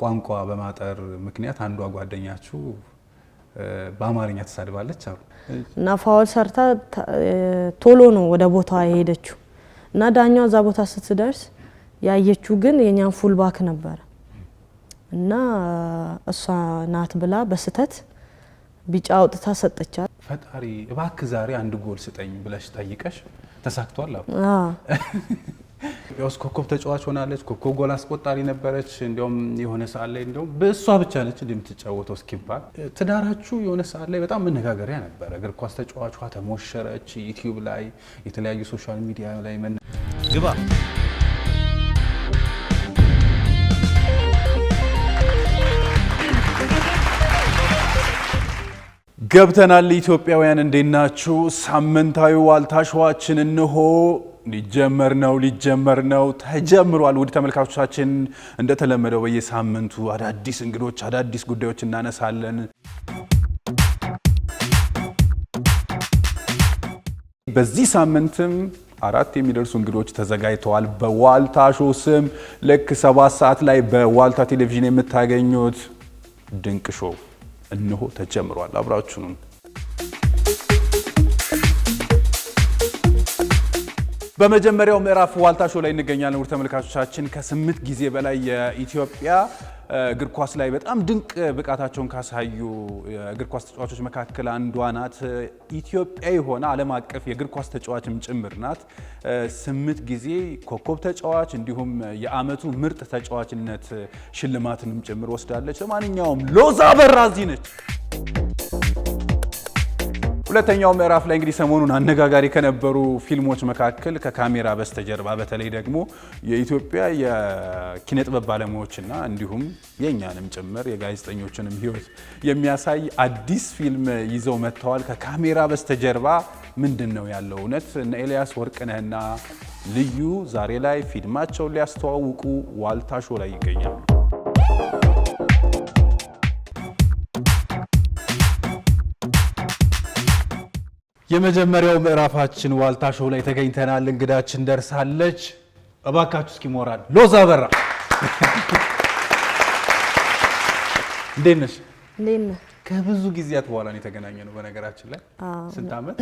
ቋንቋ በማጠር ምክንያት አንዷ ጓደኛችሁ በአማርኛ ተሳድባለች አሉ እና ፋውል ሰርታ ቶሎ ነው ወደ ቦታ የሄደችው እና ዳኛው እዛ ቦታ ስትደርስ ያየችው ግን የእኛን ፉልባክ ነበረ እና እሷ ናት ብላ በስተት ቢጫ አውጥታ ሰጠቻት። ፈጣሪ እባክ ዛሬ አንድ ጎል ስጠኝ ብለሽ ጠይቀሽ ተሳክቷል ኢትዮጵያ ውስጥ ኮከብ ተጫዋች ሆናለች። ኮከብ ጎል አስቆጣሪ ነበረች። እንዲሁም የሆነ ሰዓት ላይ እንዲሁም በእሷ ብቻ ነች እንደምትጫወተው እስኪባል ትዳራችሁ የሆነ ሰዓት ላይ በጣም መነጋገሪያ ነበረ። እግር ኳስ ተጫዋቿ ተሞሸረች። ዩቲዩብ ላይ የተለያዩ ሶሻል ሚዲያ ላይ ግባ ገብተናል። ኢትዮጵያውያን እንዴት ናችሁ? ሳምንታዊ ዋልታ ሾዋችን እንሆ ሊጀመር ነው ሊጀመር ነው ተጀምሯል። ውድ ተመልካቾቻችን እንደተለመደው በየሳምንቱ አዳዲስ እንግዶች፣ አዳዲስ ጉዳዮች እናነሳለን። በዚህ ሳምንትም አራት የሚደርሱ እንግዶች ተዘጋጅተዋል። በዋልታ ሾው ስም ልክ ሰባት ሰዓት ላይ በዋልታ ቴሌቪዥን የምታገኙት ድንቅ ሾው እንሆ ተጀምሯል። አብራችሁኑን በመጀመሪያው ምዕራፍ ዋልታ ሾው ላይ እንገኛለን። ውድ ተመልካቾቻችን ከስምንት ጊዜ በላይ የኢትዮጵያ እግር ኳስ ላይ በጣም ድንቅ ብቃታቸውን ካሳዩ እግር ኳስ ተጫዋቾች መካከል አንዷ ናት። ኢትዮጵያ የሆነ ዓለም አቀፍ የእግር ኳስ ተጫዋችም ጭምር ናት። ስምንት ጊዜ ኮከብ ተጫዋች እንዲሁም የዓመቱ ምርጥ ተጫዋችነት ሽልማትንም ጭምር ወስዳለች። ለማንኛውም ሎዛ አበራ ነች። ሁለተኛው ምዕራፍ ላይ እንግዲህ ሰሞኑን አነጋጋሪ ከነበሩ ፊልሞች መካከል ከካሜራ በስተጀርባ በተለይ ደግሞ የኢትዮጵያ የኪነ ጥበብ ባለሙያዎችና እንዲሁም የእኛንም ጭምር የጋዜጠኞችንም ሕይወት የሚያሳይ አዲስ ፊልም ይዘው መጥተዋል። ከካሜራ በስተጀርባ ምንድን ነው ያለው እውነት? እነ ኤልያስ ወርቅነህና ልዩ ዛሬ ላይ ፊልማቸውን ሊያስተዋውቁ ዋልታ ሾ ላይ ይገኛሉ። የመጀመሪያው ምዕራፋችን ዋልታ ሾው ላይ ተገኝተናል። እንግዳችን ደርሳለች። እባካችሁ እስኪ ሞራል ሎዛ አበራ እንዴት ነሽ? እንዴት ነህ? ከብዙ ጊዜያት በኋላ ነው የተገናኘ ነው። በነገራችን ላይ ስንት ዓመት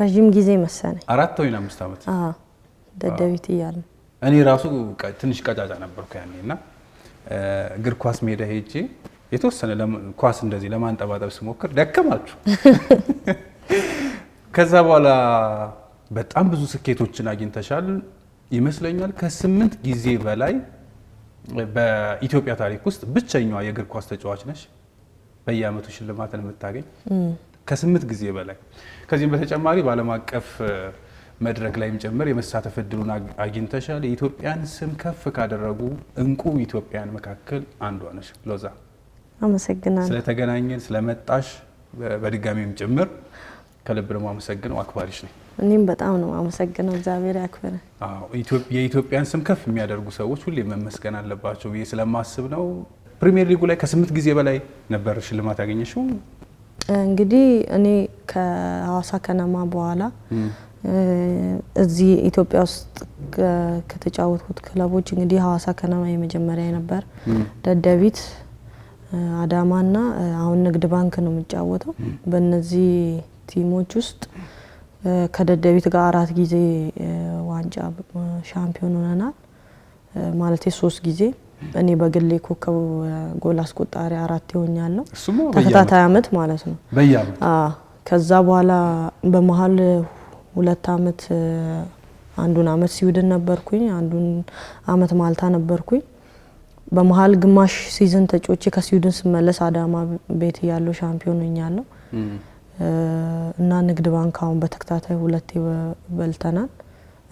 ረዥም ጊዜ መሰለኝ፣ አራት ወይ አምስት ዓመት ደደቢት እያለ እኔ ራሱ ትንሽ ቀጫጫ ነበርኩ ያኔ እና እግር ኳስ ሜዳ ሄጄ የተወሰነ ኳስ እንደዚህ ለማንጠባጠብ ስሞክር ደከማችሁ ከዛ በኋላ በጣም ብዙ ስኬቶችን አግኝተሻል ይመስለኛል። ከስምንት ጊዜ በላይ በኢትዮጵያ ታሪክ ውስጥ ብቸኛዋ የእግር ኳስ ተጫዋች ነሽ በየአመቱ ሽልማትን የምታገኝ ከስምንት ጊዜ በላይ። ከዚህም በተጨማሪ በዓለም አቀፍ መድረክ ላይም ጭምር የመሳተፍ እድሉን አግኝተሻል። የኢትዮጵያን ስም ከፍ ካደረጉ እንቁ ኢትዮጵያን መካከል አንዷ ነሽ። ሎዛ፣ አመሰግናለሁ ስለተገናኘን ስለመጣሽ በድጋሚም ጭምር ከልብ ደግሞ አመሰግነው። አክባሪሽ ነኝ። እኔም በጣም ነው አመሰግነው። እግዚአብሔር ያክብረ። የኢትዮጵያን ስም ከፍ የሚያደርጉ ሰዎች ሁሌ መመስገን አለባቸው ብዬ ስለማስብ ነው። ፕሪሚየር ሊጉ ላይ ከስምንት ጊዜ በላይ ነበር ሽልማት ያገኘሽው። እንግዲህ እኔ ከሀዋሳ ከነማ በኋላ እዚህ ኢትዮጵያ ውስጥ ከተጫወትኩት ክለቦች እንግዲህ ሀዋሳ ከነማ የመጀመሪያ ነበር፣ ደደቢት፣ አዳማና አሁን ንግድ ባንክ ነው የምጫወተው። በእነዚህ ቲሞች ውስጥ ከደደቢት ጋር አራት ጊዜ ዋንጫ ሻምፒዮን ሆነናል። ማለት ሶስት ጊዜ እኔ በግሌ ኮከብ ጎል አስቆጣሪ አራት ይሆኛለሁ ተከታታይ አመት ማለት ነው። ከዛ በኋላ በመሀል ሁለት አመት አንዱን አመት ሲውድን ነበርኩኝ፣ አንዱን አመት ማልታ ነበርኩኝ። በመሀል ግማሽ ሲዝን ተጫውቼ ከስዊድን ስመለስ አዳማ ቤት ያለው ሻምፒዮን ሆኛለሁ። እና ንግድ ባንክ አሁን በተከታታይ ሁለቴ በልተናል።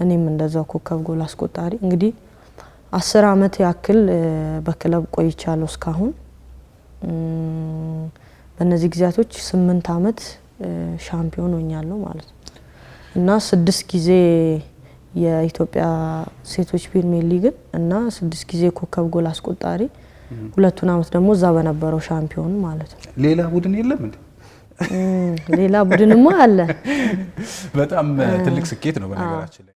እኔም እንደዛው ኮከብ ጎል አስቆጣሪ እንግዲህ አስር አመት ያክል በክለብ ቆይቻለሁ። እስካሁን በእነዚህ ጊዜያቶች ስምንት አመት ሻምፒዮን ሆኛለሁ ማለት ነው እና ስድስት ጊዜ የኢትዮጵያ ሴቶች ፕሪሚየር ሊግን እና ስድስት ጊዜ ኮከብ ጎል አስቆጣሪ ሁለቱን አመት ደግሞ እዛ በነበረው ሻምፒዮን ማለት ነው። ሌላ ቡድን የለም እንዴ? ሌላ ቡድንማ አለ። በጣም ትልቅ ስኬት ነው በነገራችን ላይ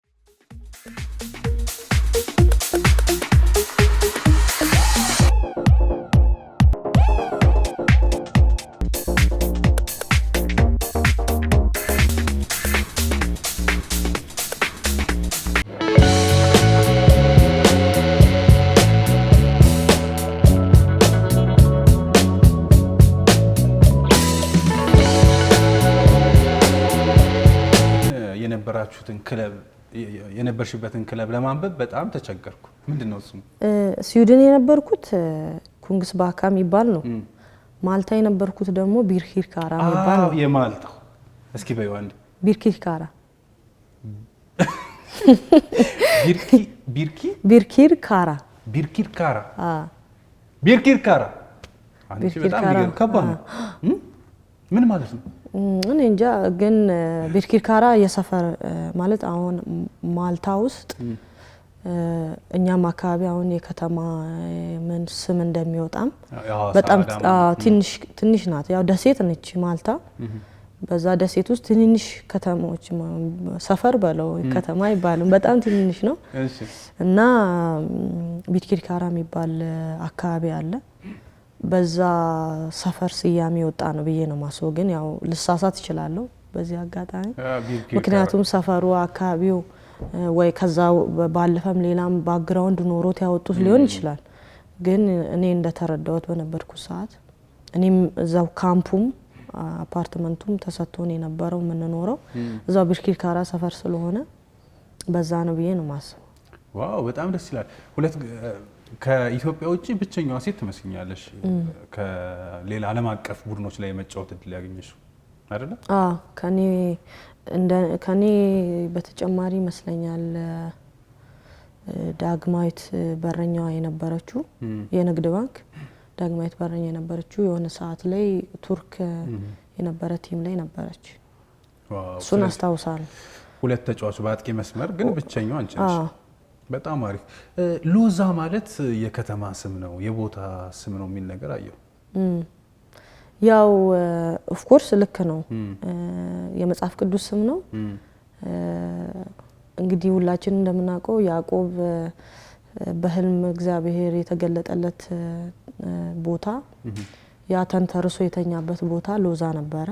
የሰራችሁትን ክለብ የነበርሽበትን ክለብ ለማንበብ በጣም ተቸገርኩ። ምንድን ነው ስሙ? ስዊድን የነበርኩት ኩንግስ ባካ የሚባል ነው። ማልታ የነበርኩት ደግሞ ቢርኪርካራ ይባል ነው። የማልታ እስኪ በይው አንዴ። ቢርኪርካራ ቢርኪ ቢርኪርካራ ቢርኪርካራ ቢርኪርካራ። አንቺ በጣም ከባድ ነው። ምን ማለት ነው? እኔ እንጃ ግን ቤትኪርካራ የሰፈር ማለት አሁን ማልታ ውስጥ እኛም አካባቢ አሁን የከተማ ምን ስም እንደሚወጣም በጣም ትንሽ ናት። ያው ደሴት ነች ማልታ። በዛ ደሴት ውስጥ ትንንሽ ከተሞች ሰፈር በለው ከተማ አይባልም፣ በጣም ትንንሽ ነው እና ቤትኪርካራ የሚባል አካባቢ አለ። በዛ ሰፈር ስያሜ ወጣ ነው ብዬ ነው ማስበው። ግን ያው ልሳሳት እችላለሁ በዚህ አጋጣሚ ምክንያቱም ሰፈሩ አካባቢው ወይ ከዛ ባለፈም ሌላም ባክግራውንድ ኖሮት ያወጡት ሊሆን ይችላል። ግን እኔ እንደተረዳሁት በነበርኩ ሰዓት እኔም እዛው ካምፑም አፓርትመንቱም ተሰጥቶን የነበረው የምንኖረው እዛው ቢርኪርካራ ሰፈር ስለሆነ በዛ ነው ብዬ ነው ማስበው። ዋው በጣም ደስ ይላል። ሁለት ከኢትዮጵያ ውጭ ብቸኛዋ ሴት ትመስኛለሽ። ከሌላ ዓለም አቀፍ ቡድኖች ላይ የመጫወት እድል ያገኘሽ አይደለ? ከኔ በተጨማሪ ይመስለኛል ዳግማዊት በረኛዋ የነበረችው የንግድ ባንክ ዳግማዊት በረኛ የነበረችው የሆነ ሰዓት ላይ ቱርክ የነበረ ቲም ላይ ነበረች። እሱን አስታውሳለሁ። ሁለት ተጫዋች በአጥቂ መስመር ግን ብቸኛዋ አንቺ በጣም አሪፍ። ሎዛ ማለት የከተማ ስም ነው የቦታ ስም ነው የሚል ነገር አየሁ። ያው ኦፍኮርስ ልክ ነው፣ የመጽሐፍ ቅዱስ ስም ነው። እንግዲህ ሁላችን እንደምናውቀው ያዕቆብ በህልም እግዚአብሔር የተገለጠለት ቦታ ያ ተንተርሶ የተኛበት ቦታ ሎዛ ነበረ።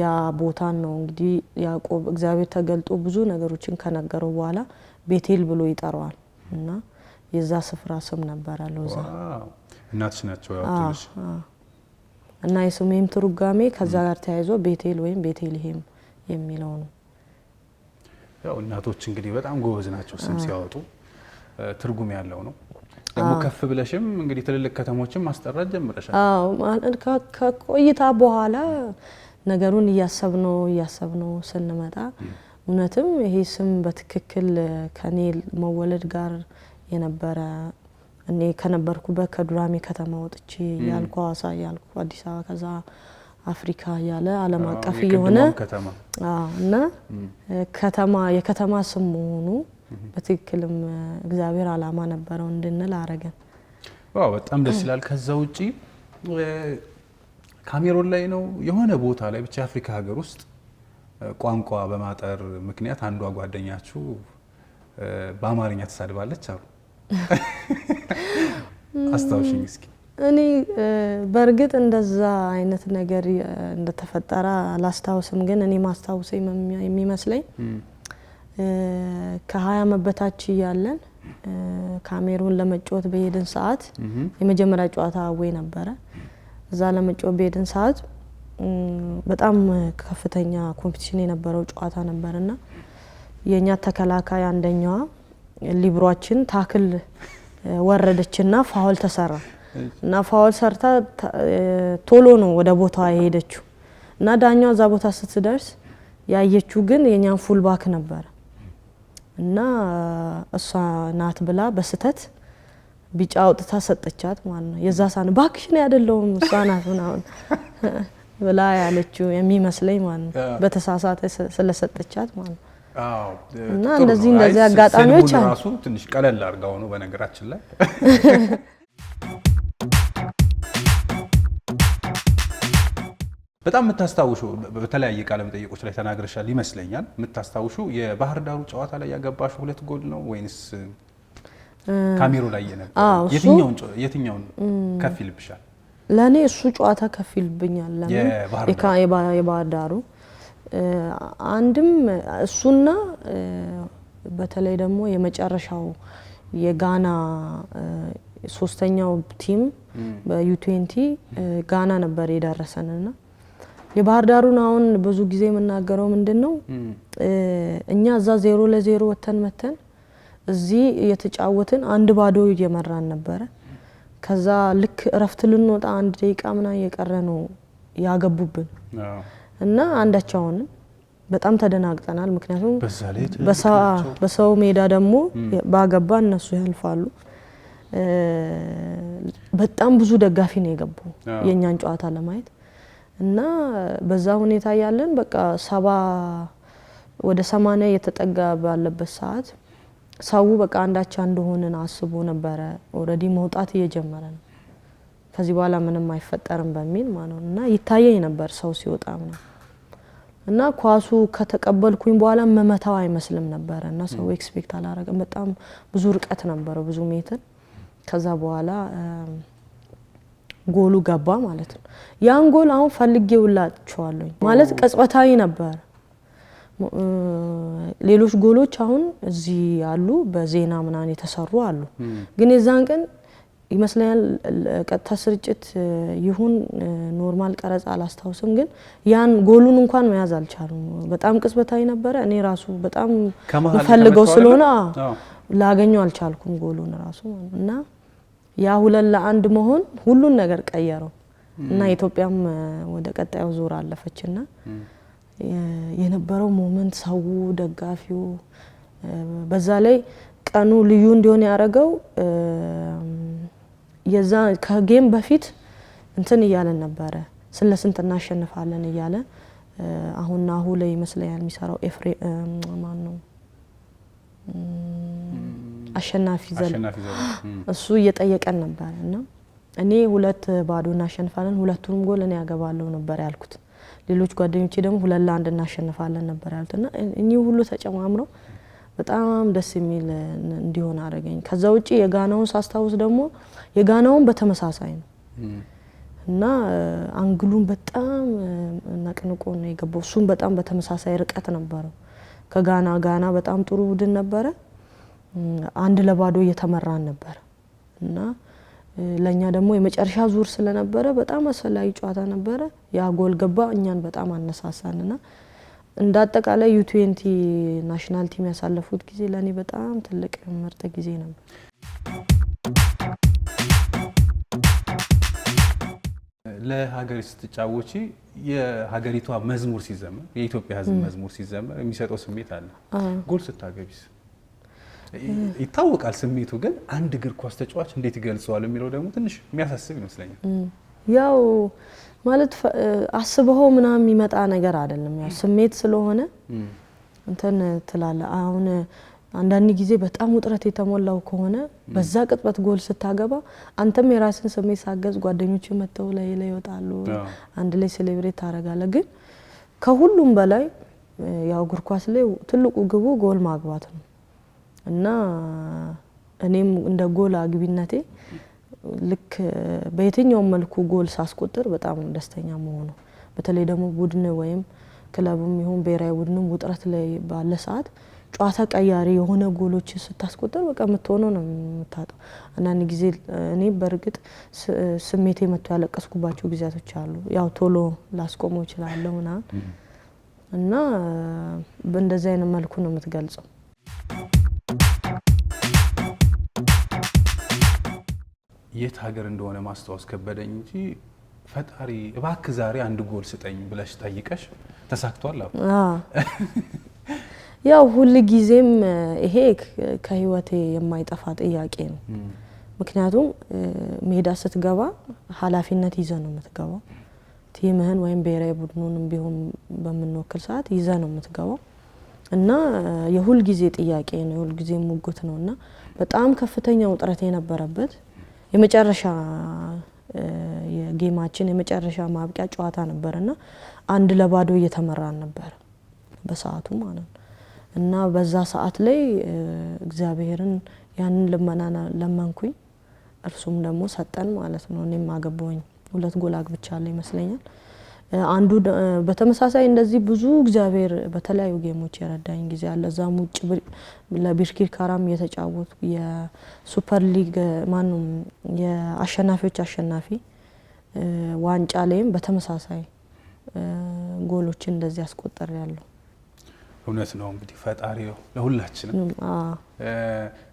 ያ ቦታን ነው እንግዲህ ያዕቆብ እግዚአብሔር ተገልጦ ብዙ ነገሮችን ከነገረው በኋላ ቤቴል ብሎ ይጠራዋል እና የዛ ስፍራ ስም ነበረ ሎዛ። እናትሽ ናቸው እና የስሜም ትርጓሜ ከዛ ጋር ተያይዞ ቤቴል ወይም ቤቴልሄም የሚለው ነው። ያው እናቶች እንግዲህ በጣም ጎበዝ ናቸው ስም ሲያወጡ፣ ትርጉም ያለው ነው። ደግሞ ከፍ ብለሽም እንግዲህ ትልልቅ ከተሞችን ማስጠራት ጀምረሻል። ከቆይታ በኋላ ነገሩን እያሰብነው እያሰብነው ስንመጣ እውነትም ይሄ ስም በትክክል ከኔ መወለድ ጋር የነበረ እኔ ከነበርኩበት ከዱራሜ ከተማ ወጥቼ ያልኩ ሀዋሳ ያልኩ አዲስ አበባ ከዛ አፍሪካ እያለ ዓለም አቀፍ የሆነ እና ከተማ የከተማ ስም መሆኑ በትክክልም እግዚአብሔር ዓላማ ነበረው እንድንል አረገን። በጣም ደስ ይላል። ከዛ ውጪ ካሜሮን ላይ ነው የሆነ ቦታ ላይ ብቻ የአፍሪካ ሀገር ውስጥ ቋንቋ በማጠር ምክንያት አንዷ ጓደኛችሁ በአማርኛ ተሳድባለች አሉ። አስታውሽኝ እስኪ። እኔ በእርግጥ እንደዛ አይነት ነገር እንደተፈጠረ አላስታውስም፣ ግን እኔ ማስታውሰ የሚመስለኝ ከሀያ ዓመት በታች እያለን ካሜሩን ለመጫወት በሄድን ሰዓት የመጀመሪያ ጨዋታ አዌ ነበረ። እዛ ለመጫወት በሄድን ሰዓት በጣም ከፍተኛ ኮምፒቲሽን የነበረው ጨዋታ ነበር እና የእኛ ተከላካይ አንደኛዋ ሊብሯችን ታክል ወረደችና ፋውል ተሰራ እና ፋውል ሰርታ ቶሎ ነው ወደ ቦታዋ የሄደችው እና ዳኛዋ እዛ ቦታ ስትደርስ ያየችው ግን የእኛን ፉልባክ ነበረ እና እሷ ናት ብላ በስተት ቢጫ አውጥታ ሰጠቻት ማለት ነው። የዛ ሳን ባክሽን ያደለውም እሷ ናት ምናምን ብላ ያለችው የሚመስለኝ ማለት ነው። በተሳሳተ ስለሰጠቻት ማለት ነው። እና እንደዚህ እንደዚህ አጋጣሚዎች አሉ። ራሱ ትንሽ ቀለል አድርጋው ነው በነገራችን ላይ በጣም የምታስታውሹ በተለያየ ቃለ መጠይቆች ላይ ተናግረሻል ይመስለኛል። የምታስታውሹ የባህር ዳሩ ጨዋታ ላይ ያገባሹ ሁለት ጎል ነው ወይንስ ካሜሮ ላይ የነበረ? የትኛውን ከፍ ይልብሻል? ለእኔ እሱ ጨዋታ ከፍ ይልብኛል። ለምን የባህር ዳሩ አንድም እሱና በተለይ ደግሞ የመጨረሻው የጋና ሶስተኛው ቲም በዩቴንቲ ጋና ነበር የደረሰንና የባህር ዳሩን አሁን ብዙ ጊዜ የምናገረው ምንድን ነው እኛ እዛ ዜሮ ለዜሮ ወተን መተን እዚህ እየተጫወትን አንድ ባዶ እየመራን ነበረ ከዛ ልክ እረፍት ልንወጣ አንድ ደቂቃ ምናምን እየቀረ ነው ያገቡብን እና አንዳቸው በጣም ተደናግጠናል። ምክንያቱም በሰው ሜዳ ደግሞ ባገባ እነሱ ያልፋሉ። በጣም ብዙ ደጋፊ ነው የገቡ የእኛን ጨዋታ ለማየት እና በዛ ሁኔታ ያለን በቃ ሰባ ወደ ሰማንያ እየተጠጋ ባለበት ሰዓት ሰው በቃ አንዳቻ እንደሆንን አስቦ ነበረ። ኦልሬዲ መውጣት እየጀመረ ነው ከዚህ በኋላ ምንም አይፈጠርም በሚል ማለት እና ይታየኝ ነበር ሰው ሲወጣ ነው እና ኳሱ ከተቀበልኩኝ በኋላ መመታው አይመስልም ነበረ እና ሰው ኤክስፔክት አላረገም። በጣም ብዙ ርቀት ነበረው ብዙ ሜትር። ከዛ በኋላ ጎሉ ገባ ማለት ነው። ያን ጎል አሁን ፈልጌውላቸዋለሁ ማለት ቅጽበታዊ ነበር። ሌሎች ጎሎች አሁን እዚህ አሉ፣ በዜና ምናምን የተሰሩ አሉ። ግን የዛን ቀን ይመስለኛል ቀጥታ ስርጭት ይሁን ኖርማል ቀረጻ አላስታውስም። ግን ያን ጎሉን እንኳን መያዝ አልቻሉም። በጣም ቅጽበታዊ ነበረ። እኔ ራሱ በጣም ፈልገው ስለሆነ ላገኘው አልቻልኩም ጎሉን ራሱ እና ያ ሁለት ለአንድ መሆን ሁሉን ነገር ቀየረው እና ኢትዮጵያም ወደ ቀጣዩ ዙር አለፈችና የነበረው ሞመንት ሰው ደጋፊው፣ በዛ ላይ ቀኑ ልዩ እንዲሆን ያደረገው የዛ ከጌም በፊት እንትን እያለን ነበረ ስለ ስንት እናሸንፋለን እያለ አሁን ናሁ ላይ ይመስለኛል የሚሰራው ኤፍሬ ማን ነው አሸናፊ ዘል እሱ እየጠየቀን ነበረ እና እኔ ሁለት ባዶ እናሸንፋለን ሁለቱንም ጎል እኔ ያገባለሁ ነበር ያልኩት። ሌሎች ጓደኞቼ ደግሞ ሁለት ለአንድ እናሸንፋለን ነበር ያሉት እና እኚህ ሁሉ ተጨማምረው በጣም ደስ የሚል እንዲሆን አደረገኝ። ከዛ ውጭ የጋናውን ሳስታውስ ደግሞ የጋናውን በተመሳሳይ ነው እና አንግሉን በጣም ነቅንቆ ነው የገባው። እሱም በጣም በተመሳሳይ ርቀት ነበረው ከጋና ጋና በጣም ጥሩ ቡድን ነበረ። አንድ ለባዶ እየተመራን ነበር እና ለእኛ ደግሞ የመጨረሻ ዙር ስለነበረ በጣም አስፈላጊ ጨዋታ ነበረ። ያ ጎል ገባ፣ እኛን በጣም አነሳሳንና እንደ አጠቃላይ ዩ ትዌንቲ ናሽናል ቲም ያሳለፉት ጊዜ ለእኔ በጣም ትልቅ ምርጥ ጊዜ ነበር። ለሀገር ስትጫወቺ የሀገሪቷ መዝሙር ሲዘመር፣ የኢትዮጵያ ሕዝብ መዝሙር ሲዘመር የሚሰጠው ስሜት አለ። ጎል ስታገቢስ? ይታወቃል ስሜቱ። ግን አንድ እግር ኳስ ተጫዋች እንዴት ይገልጸዋል የሚለው ደግሞ ትንሽ የሚያሳስብ ይመስለኛል። ያው ማለት አስበኸው ምናምን የሚመጣ ነገር አይደለም። ያው ስሜት ስለሆነ እንትን ትላለህ። አሁን አንዳንድ ጊዜ በጣም ውጥረት የተሞላው ከሆነ በዛ ቅጥበት ጎል ስታገባ አንተም የራስን ስሜት ሳገዝ ጓደኞች መጥተው ላይ ላይ ይወጣሉ፣ አንድ ላይ ሴሌብሬት ታደርጋለህ። ግን ከሁሉም በላይ ያው እግር ኳስ ላይ ትልቁ ግቡ ጎል ማግባት ነው። እና እኔም እንደ ጎል አግቢነቴ ልክ በየትኛውም መልኩ ጎል ሳስቆጥር በጣም ደስተኛ መሆኑ በተለይ ደግሞ ቡድን ወይም ክለብም ይሁን ብሔራዊ ቡድንም ውጥረት ላይ ባለ ሰዓት ጨዋታ ቀያሪ የሆነ ጎሎች ስታስቆጥር በቃ የምትሆነው ነው የምታጣው። አንዳንድ ጊዜ እኔ በእርግጥ ስሜት መጥቶ ያለቀስኩባቸው ጊዜያቶች አሉ። ያው ቶሎ ላስቆመው እችላለሁ ምናምን እና በእንደዚህ አይነት መልኩ ነው የምትገልጸው። የት ሀገር እንደሆነ ማስታወስ ከበደኝ እንጂ ፈጣሪ እባክህ ዛሬ አንድ ጎል ስጠኝ ብለሽ ጠይቀሽ ተሳክቷል። ያው ሁል ጊዜም ይሄ ከህይወቴ የማይጠፋ ጥያቄ ነው። ምክንያቱም ሜዳ ስትገባ ኃላፊነት ይዘ ነው የምትገባው። ቲምህን ወይም ብሔራዊ ቡድኑንም ቢሆን በምንወክል ሰዓት ይዘ ነው የምትገባው እና የሁል ጊዜ ጥያቄ ነው፣ የሁል ጊዜ ሙግት ነው እና በጣም ከፍተኛ ውጥረት የነበረበት የመጨረሻ የጌማችን የመጨረሻ ማብቂያ ጨዋታ ነበር እና አንድ ለባዶ እየተመራን ነበር በሰዓቱ ማለት ነው። እና በዛ ሰዓት ላይ እግዚአብሔርን ያንን ልመና ለመንኩኝ፣ እርሱም ደግሞ ሰጠን ማለት ነው። እኔም አገባኝ። ሁለት ጎል አግብቻለሁ ይመስለኛል። አንዱ በተመሳሳይ እንደዚህ ብዙ እግዚአብሔር በተለያዩ ጌሞች የረዳኝ ጊዜ አለ። እዛም ውጭ ለቢርኪር ካራም የተጫወቱ የሱፐር ሊግ ማንም የአሸናፊዎች አሸናፊ ዋንጫ ላይም በተመሳሳይ ጎሎችን እንደዚህ አስቆጠር ያለው እውነት ነው። እንግዲህ ፈጣሪ ለሁላችንም።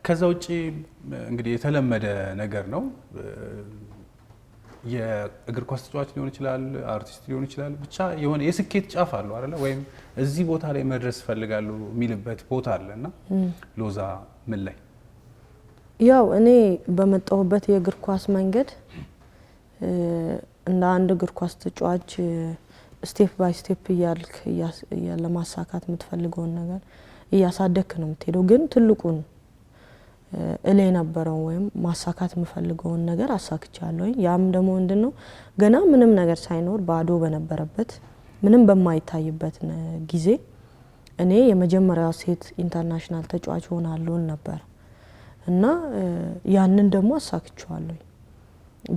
ከዛ ውጭ እንግዲህ የተለመደ ነገር ነው የእግር ኳስ ተጫዋች ሊሆን ይችላል፣ አርቲስት ሊሆን ይችላል። ብቻ የሆነ የስኬት ጫፍ አለው አለ ወይም እዚህ ቦታ ላይ መድረስ እፈልጋለሁ የሚልበት ቦታ አለ እና ሎዛ ምን ላይ ያው እኔ በመጣሁበት የእግር ኳስ መንገድ እንደ አንድ እግር ኳስ ተጫዋች ስቴፕ ባይ ስቴፕ እያልክ ለማሳካት የምትፈልገውን ነገር እያሳደክ ነው የምትሄደው ግን ትልቁን እል የነበረው ወይም ማሳካት የምፈልገውን ነገር አሳክቻለሁኝ። ያም ደግሞ ምንድን ነው ገና ምንም ነገር ሳይኖር ባዶ በነበረበት ምንም በማይታይበት ጊዜ እኔ የመጀመሪያ ሴት ኢንተርናሽናል ተጫዋች ሆናለሁ ነበር እና ያንን ደግሞ አሳክቸዋለሁ።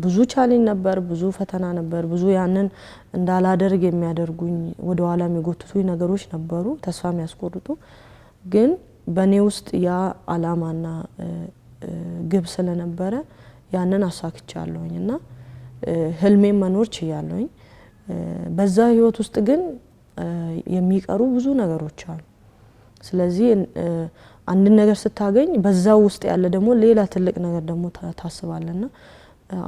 ብዙ ቻሌንጅ ነበር፣ ብዙ ፈተና ነበር፣ ብዙ ያንን እንዳላደርግ የሚያደርጉኝ ወደኋላ የሚጎትቱኝ ነገሮች ነበሩ፣ ተስፋ የሚያስቆርጡ ግን በእኔ ውስጥ ያ አላማና ግብ ስለነበረ ያንን አሳክቻለሁኝ እና ህልሜን መኖር ችያለሁኝ። በዛ ህይወት ውስጥ ግን የሚቀሩ ብዙ ነገሮች አሉ። ስለዚህ አንድን ነገር ስታገኝ በዛው ውስጥ ያለ ደግሞ ሌላ ትልቅ ነገር ደግሞ ታስባለና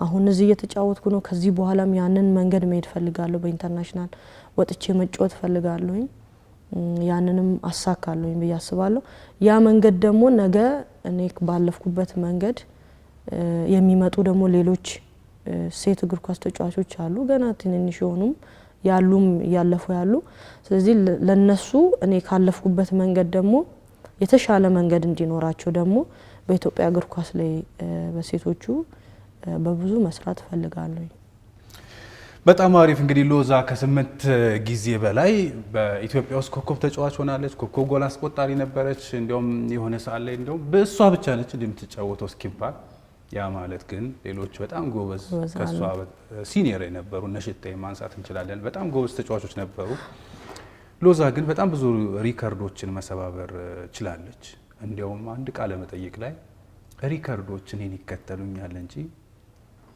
አሁን እዚህ እየተጫወትኩ ነው። ከዚህ በኋላም ያንን መንገድ መሄድ ፈልጋለሁ። በኢንተርናሽናል ወጥቼ መጫወት ፈልጋለሁኝ። ያንንም አሳካለሁኝ ብዬ አስባለሁ። ያ መንገድ ደግሞ ነገ እኔ ባለፍኩበት መንገድ የሚመጡ ደግሞ ሌሎች ሴት እግር ኳስ ተጫዋቾች አሉ፣ ገና ትንንሽ የሆኑም ያሉም እያለፉ ያሉ። ስለዚህ ለነሱ እኔ ካለፍኩበት መንገድ ደግሞ የተሻለ መንገድ እንዲኖራቸው ደግሞ በኢትዮጵያ እግር ኳስ ላይ በሴቶቹ በብዙ መስራት እፈልጋለሁኝ። በጣም አሪፍ እንግዲህ ሎዛ ከስምንት ጊዜ በላይ በኢትዮጵያ ውስጥ ኮከብ ተጫዋች ሆናለች። ኮከብ ጎል አስቆጣሪ ነበረች። እንዲሁም የሆነ ሰዓት ላይ እንዲሁም በእሷ ብቻ ነች እንደምትጫወተው እስኪባል ያ ማለት ግን ሌሎች በጣም ጎበዝ ከእሷ ሲኒየር የነበሩ እነ ማንሳት እንችላለን። በጣም ጎበዝ ተጫዋቾች ነበሩ። ሎዛ ግን በጣም ብዙ ሪከርዶችን መሰባበር ችላለች። እንዲያውም አንድ ቃለ መጠይቅ ላይ ሪከርዶችን ይከተሉኛል እንጂ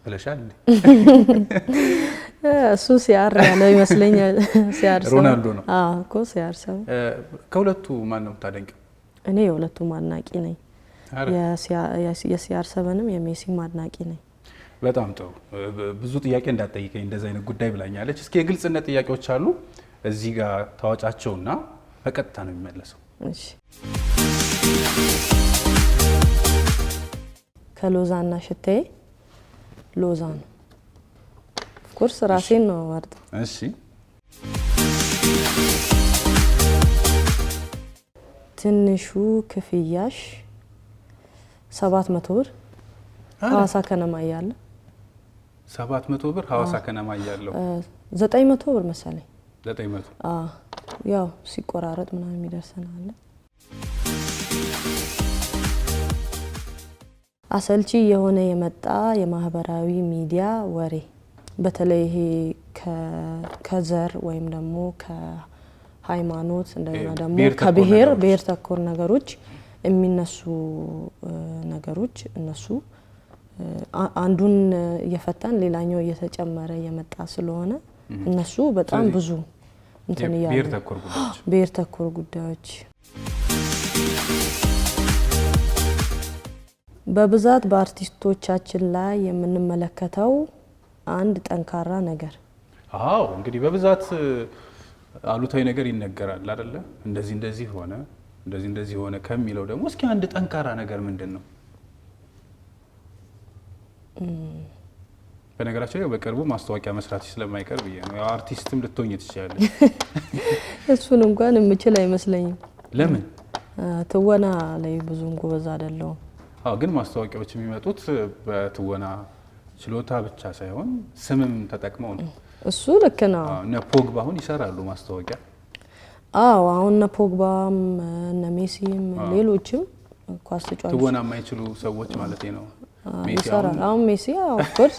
ብለሻል። እሱ ሲያር ያለው ይመስለኛል። ሲያር ሮናልዶ ነው እኮ ሲያር ሰው። ከሁለቱ ማን ነው የምታደንቂው? እኔ የሁለቱም አድናቂ ነኝ። የሲያር ሰበንም የሜሲ አድናቂ ነኝ። በጣም ጥሩ። ብዙ ጥያቄ እንዳትጠይቀኝ እንደዚህ አይነት ጉዳይ ብላኛለች። እስኪ የግልጽነት ጥያቄዎች አሉ እዚህ ጋር ታዋጫቸውና በቀጥታ ነው የሚመለሰው። ከሎዛና ሽታዬ ሎዛ ነው። ኦፍኮርስ ራሴን ነው ማመርጠው። እሺ ትንሹ ክፍያሽ ሰባት መቶ ብር ሀዋሳ ከነማ እያለ ሰባት መቶ ብር ሀዋሳ ከነማ እያለው ዘጠኝ መቶ ብር መሰለኝ። ዘጠኝ መቶ ያው ሲቆራረጥ ምናምን የሚደርሰን አሰልቺ የሆነ የመጣ የማህበራዊ ሚዲያ ወሬ በተለይ ይሄ ከዘር ወይም ደግሞ ከሃይማኖት እንደገና ደግሞ ከብሄር ብሄር ተኮር ነገሮች የሚነሱ ነገሮች እነሱ አንዱን እየፈታን ሌላኛው እየተጨመረ የመጣ ስለሆነ እነሱ በጣም ብዙ እንትን እያሉ ብሄር ተኮር ጉዳዮች በብዛት በአርቲስቶቻችን ላይ የምንመለከተው አንድ ጠንካራ ነገር። አዎ እንግዲህ በብዛት አሉታዊ ነገር ይነገራል አይደለ? እንደዚህ እንደዚህ ሆነ፣ እንደዚህ እንደዚህ ሆነ ከሚለው ደግሞ እስኪ አንድ ጠንካራ ነገር ምንድን ነው? በነገራችን ላይ በቅርቡ ማስታወቂያ መስራት ስለማይቀር ብዬ ነው። አርቲስትም ልትሆኝ ትችላለች። እሱን እንኳን የምችል አይመስለኝም። ለምን? ትወና ላይ ብዙም ጎበዝ አይደለሁም። ግን ማስታወቂያዎች የሚመጡት በትወና ችሎታ ብቻ ሳይሆን ስምም ተጠቅመው ነው። እሱ ልክ ነው። እነ ፖግባ አሁን ይሰራሉ ማስታወቂያ። አዎ አሁን እነ ፖግባም እነ ሜሲም ሌሎችም ኳስ ተጫዋች ትወና የማይችሉ ሰዎች ማለት ነው ይሰራል። አሁን ሜሲ ኦፍኮርስ፣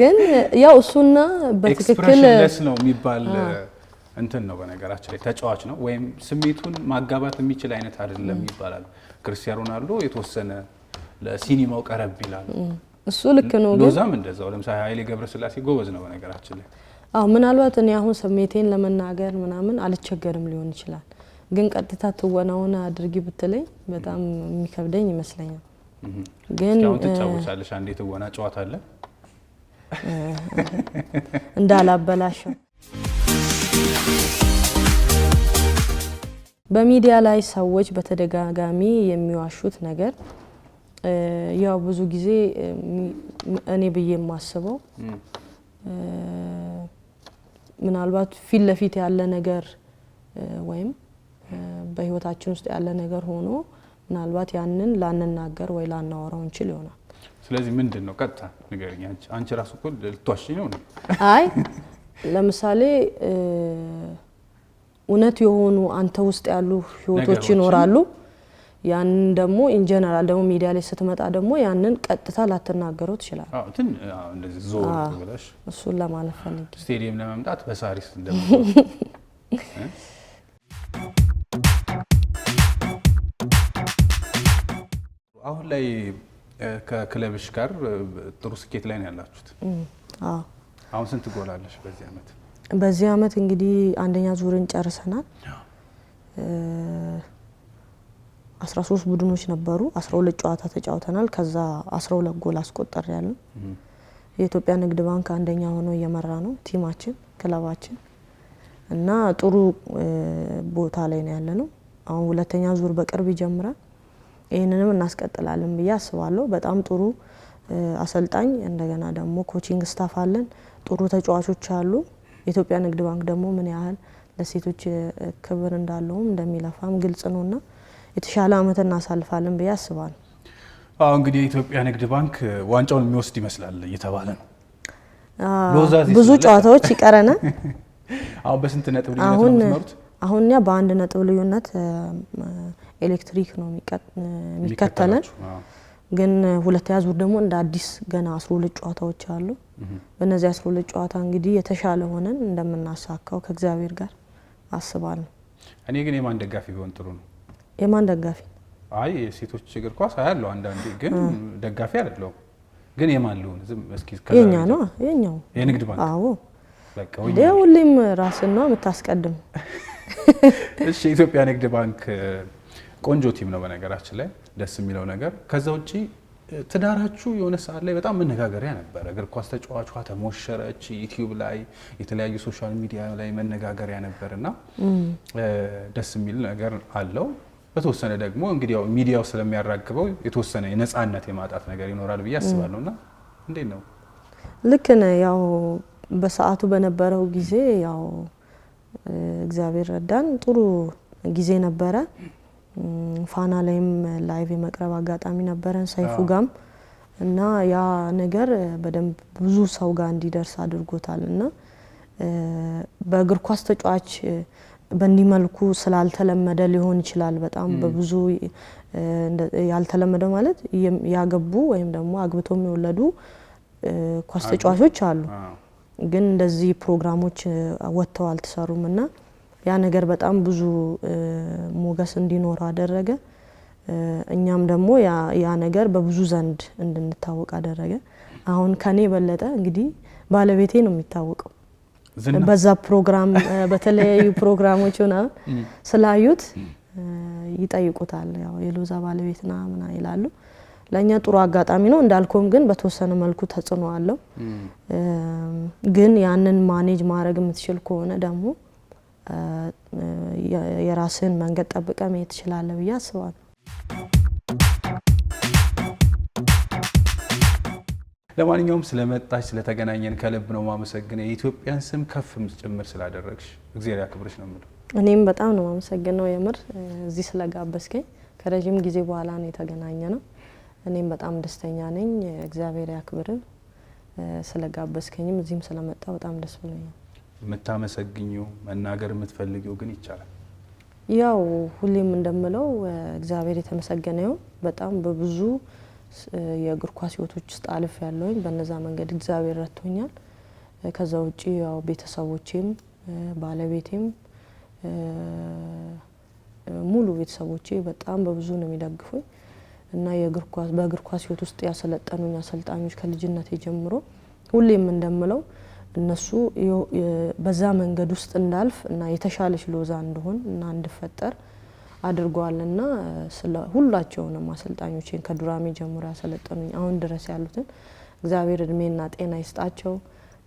ግን ያው እሱና በትክክል ነው የሚባል እንትን ነው። በነገራችን ላይ ተጫዋች ነው ወይም ስሜቱን ማጋባት የሚችል አይነት አይደለም ይባላል። ክርስቲያኖ ሮናልዶ የተወሰነ ለሲኒማው ቀረብ ይላል። እሱ ልክ ነው። ሎዛም እንደዛው ለምሳሌ ኃይሌ ገብረስላሴ ጎበዝ ነው በነገራችን ላይ። አዎ ምናልባት እኔ አሁን ስሜቴን ለመናገር ምናምን አልቸገርም ሊሆን ይችላል፣ ግን ቀጥታ ትወናውን አድርጊ ብትለኝ በጣም የሚከብደኝ ይመስለኛል። ግን ትጫወቻለሽ አንዴ ትወና ጨዋታ አለ እንዳላበላሸው በሚዲያ ላይ ሰዎች በተደጋጋሚ የሚዋሹት ነገር ያው ብዙ ጊዜ እኔ ብዬ የማስበው ምናልባት ፊት ለፊት ያለ ነገር ወይም በህይወታችን ውስጥ ያለ ነገር ሆኖ ምናልባት ያንን ላንናገር ወይ ላናወራው እንችል ይሆናል። ስለዚህ ምንድን ነው ቀጥታ ንገሪኝ። አንቺ ራሱ እኮ ልትዋሽኝ ነው። አይ ለምሳሌ እውነት የሆኑ አንተ ውስጥ ያሉ ህይወቶች ይኖራሉ ያንን ደግሞ ኢንጀነራል ደግሞ ሚዲያ ላይ ስትመጣ ደግሞ ያንን ቀጥታ ላትናገረው ትችላል። እንትን እንደዚህ ዞር ብለሽ እሱን ለማለት ፈልጌ ስቴዲየም ለመምጣት በሳሪስ እንደሞ አሁን ላይ ከክለብሽ ጋር ጥሩ ስኬት ላይ ነው ያላችሁት። አሁን ስንት ጎል አለሽ በዚህ አመት? በዚህ አመት እንግዲህ አንደኛ ዙርን ጨርሰናል። 13 ቡድኖች ነበሩ። 12 ጨዋታ ተጫውተናል። ከዛ 12 ጎል አስቆጠር ያለ የኢትዮጵያ ንግድ ባንክ አንደኛ ሆኖ እየመራ ነው ቲማችን፣ ክለባችን እና ጥሩ ቦታ ላይ ነው ያለ ነው። አሁን ሁለተኛ ዙር በቅርብ ይጀምራል። ይህንንም እናስቀጥላለን ብዬ አስባለሁ። በጣም ጥሩ አሰልጣኝ እንደገና ደግሞ ኮቺንግ ስታፍ አለን። ጥሩ ተጫዋቾች አሉ። የኢትዮጵያ ንግድ ባንክ ደግሞ ምን ያህል ለሴቶች ክብር እንዳለውም እንደሚለፋም ግልጽ ነውና የተሻለ አመት እናሳልፋለን ብዬ አስባለሁ። አሁ እንግዲህ የኢትዮጵያ ንግድ ባንክ ዋንጫውን የሚወስድ ይመስላል እየተባለ ነው። ብዙ ጨዋታዎች ይቀረናል። አሁን በስንት ነጥብ ልዩነት ነው አሁን እኛ በአንድ ነጥብ ልዩነት ኤሌክትሪክ ነው የሚከተለን። ግን ሁለተኛ ዙር ደግሞ እንደ አዲስ ገና አስራ ሁለት ጨዋታዎች አሉ። በእነዚህ አስራ ሁለት ጨዋታ እንግዲህ የተሻለ ሆነን እንደምናሳካው ከእግዚአብሔር ጋር አስባለሁ። እኔ ግን የማን ደጋፊ ቢሆን ጥሩ ነው? የማን ደጋፊ? አይ የሴቶች እግር ኳስ አያለሁ አንዳንዴ፣ ግን ደጋፊ አይደለሁም። ግን የማን ልሆን? ዝም እስኪ የኛ ነው የኛው የንግድ ባንክ። አዎ በቃ ሁሌም ራስን ነው የምታስቀድም። እሺ የኢትዮጵያ ንግድ ባንክ ቆንጆ ቲም ነው በነገራችን ላይ ደስ የሚለው ነገር። ከዛ ውጪ ትዳራችሁ የሆነ ሰዓት ላይ በጣም መነጋገሪያ ነበረ። እግር ኳስ ተጫዋቿ ተሞሸረች፣ ዩቲዩብ ላይ የተለያዩ ሶሻል ሚዲያ ላይ መነጋገሪያ ነበር እና ደስ የሚል ነገር አለው በተወሰነ ደግሞ እንግዲህ ሚዲያው ስለሚያራግበው የተወሰነ የነጻነት የማጣት ነገር ይኖራል ብዬ አስባለሁ። እና እንዴት ነው ልክ ነህ። ያው በሰዓቱ በነበረው ጊዜ ያው እግዚአብሔር ረዳን፣ ጥሩ ጊዜ ነበረ። ፋና ላይም ላይቭ የመቅረብ አጋጣሚ ነበረን ሰይፉ ጋም እና ያ ነገር በደንብ ብዙ ሰው ጋር እንዲደርስ አድርጎታል እና በእግር ኳስ ተጫዋች በእንዲህ መልኩ ስላልተለመደ ሊሆን ይችላል። በጣም በብዙ ያልተለመደ ማለት ያገቡ ወይም ደግሞ አግብተው የሚወለዱ ኳስ ተጫዋቾች አሉ፣ ግን እንደዚህ ፕሮግራሞች ወጥተው አልተሰሩም እና ያ ነገር በጣም ብዙ ሞገስ እንዲኖረው አደረገ። እኛም ደግሞ ያ ነገር በብዙ ዘንድ እንድንታወቅ አደረገ። አሁን ከኔ የበለጠ እንግዲህ ባለቤቴ ነው የሚታወቀው በዛ ፕሮግራም በተለያዩ ፕሮግራሞች ሆና ስላዩት ይጠይቁታል። ያው የሎዛ ባለቤት ና ምና ይላሉ። ለእኛ ጥሩ አጋጣሚ ነው እንዳልኩም፣ ግን በተወሰነ መልኩ ተጽዕኖ አለው። ግን ያንን ማኔጅ ማድረግ የምትችል ከሆነ ደግሞ የራስህን መንገድ ጠብቀ መሄድ ትችላለህ ብዬ አስባለሁ። ለማንኛውም ስለመጣች ስለተገናኘን ከልብ ነው ማመሰግነ የኢትዮጵያን ስም ከፍም ጭምር ስላደረግሽ እግዚአብሔር ያክብርሽ ነው የምለው። እኔም በጣም ነው ማመሰግነው የምር እዚህ ስለጋበዝከኝ ከረዥም ጊዜ በኋላ ነው የተገናኘ ነው። እኔም በጣም ደስተኛ ነኝ። እግዚአብሔር ያክብርን። ስለጋበዝከኝም እዚህም ስለመጣ በጣም ደስ ብሎኛል። የምታመሰግኙ መናገር የምትፈልጊው ግን ይቻላል። ያው ሁሌም እንደምለው እግዚአብሔር የተመሰገነ ይሁን። በጣም በብዙ የእግር ኳስ ህይወቶች ውስጥ አልፍ ያለውኝ በነዛ መንገድ እግዚአብሔር ረድቶኛል። ከዛ ውጭ ያው ቤተሰቦቼም ባለቤቴም ሙሉ ቤተሰቦቼ በጣም በብዙ ነው የሚደግፉኝ እና የእግር ኳስ በእግር ኳስ ህይወት ውስጥ ያሰለጠኑኝ አሰልጣኞች ከልጅነቴ ጀምሮ ሁሌም እንደምለው እነሱ በዛ መንገድ ውስጥ እንዳልፍ እና የተሻለች ሎዛ እንደሆን እና እንድፈጠር አድርገዋልና ስለ ሁላቸውንም አሰልጣኞችን ከዱራሜ ጀምሮ ያሰለጠኑኝ አሁን ድረስ ያሉትን እግዚአብሔር እድሜና ጤና ይስጣቸው።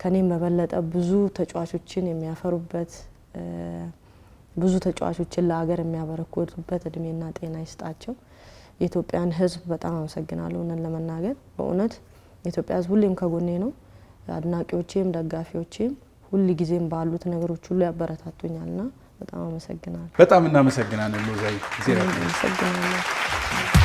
ከኔም በበለጠ ብዙ ተጫዋቾችን የሚያፈሩበት ብዙ ተጫዋቾችን ለሀገር የሚያበረክቱበት እድሜና ጤና ይስጣቸው። የኢትዮጵያን ሕዝብ በጣም አመሰግናለሁ። እውነት ለመናገር በእውነት የኢትዮጵያ ሕዝብ ሁሌም ከጎኔ ነው። አድናቂዎቼም ደጋፊዎቼም ሁል ጊዜም ባሉት ነገሮች ሁሉ ያበረታቱኛልና በጣም አመሰግናለሁ። በጣም እናመሰግናለን ሎዛይ ዜና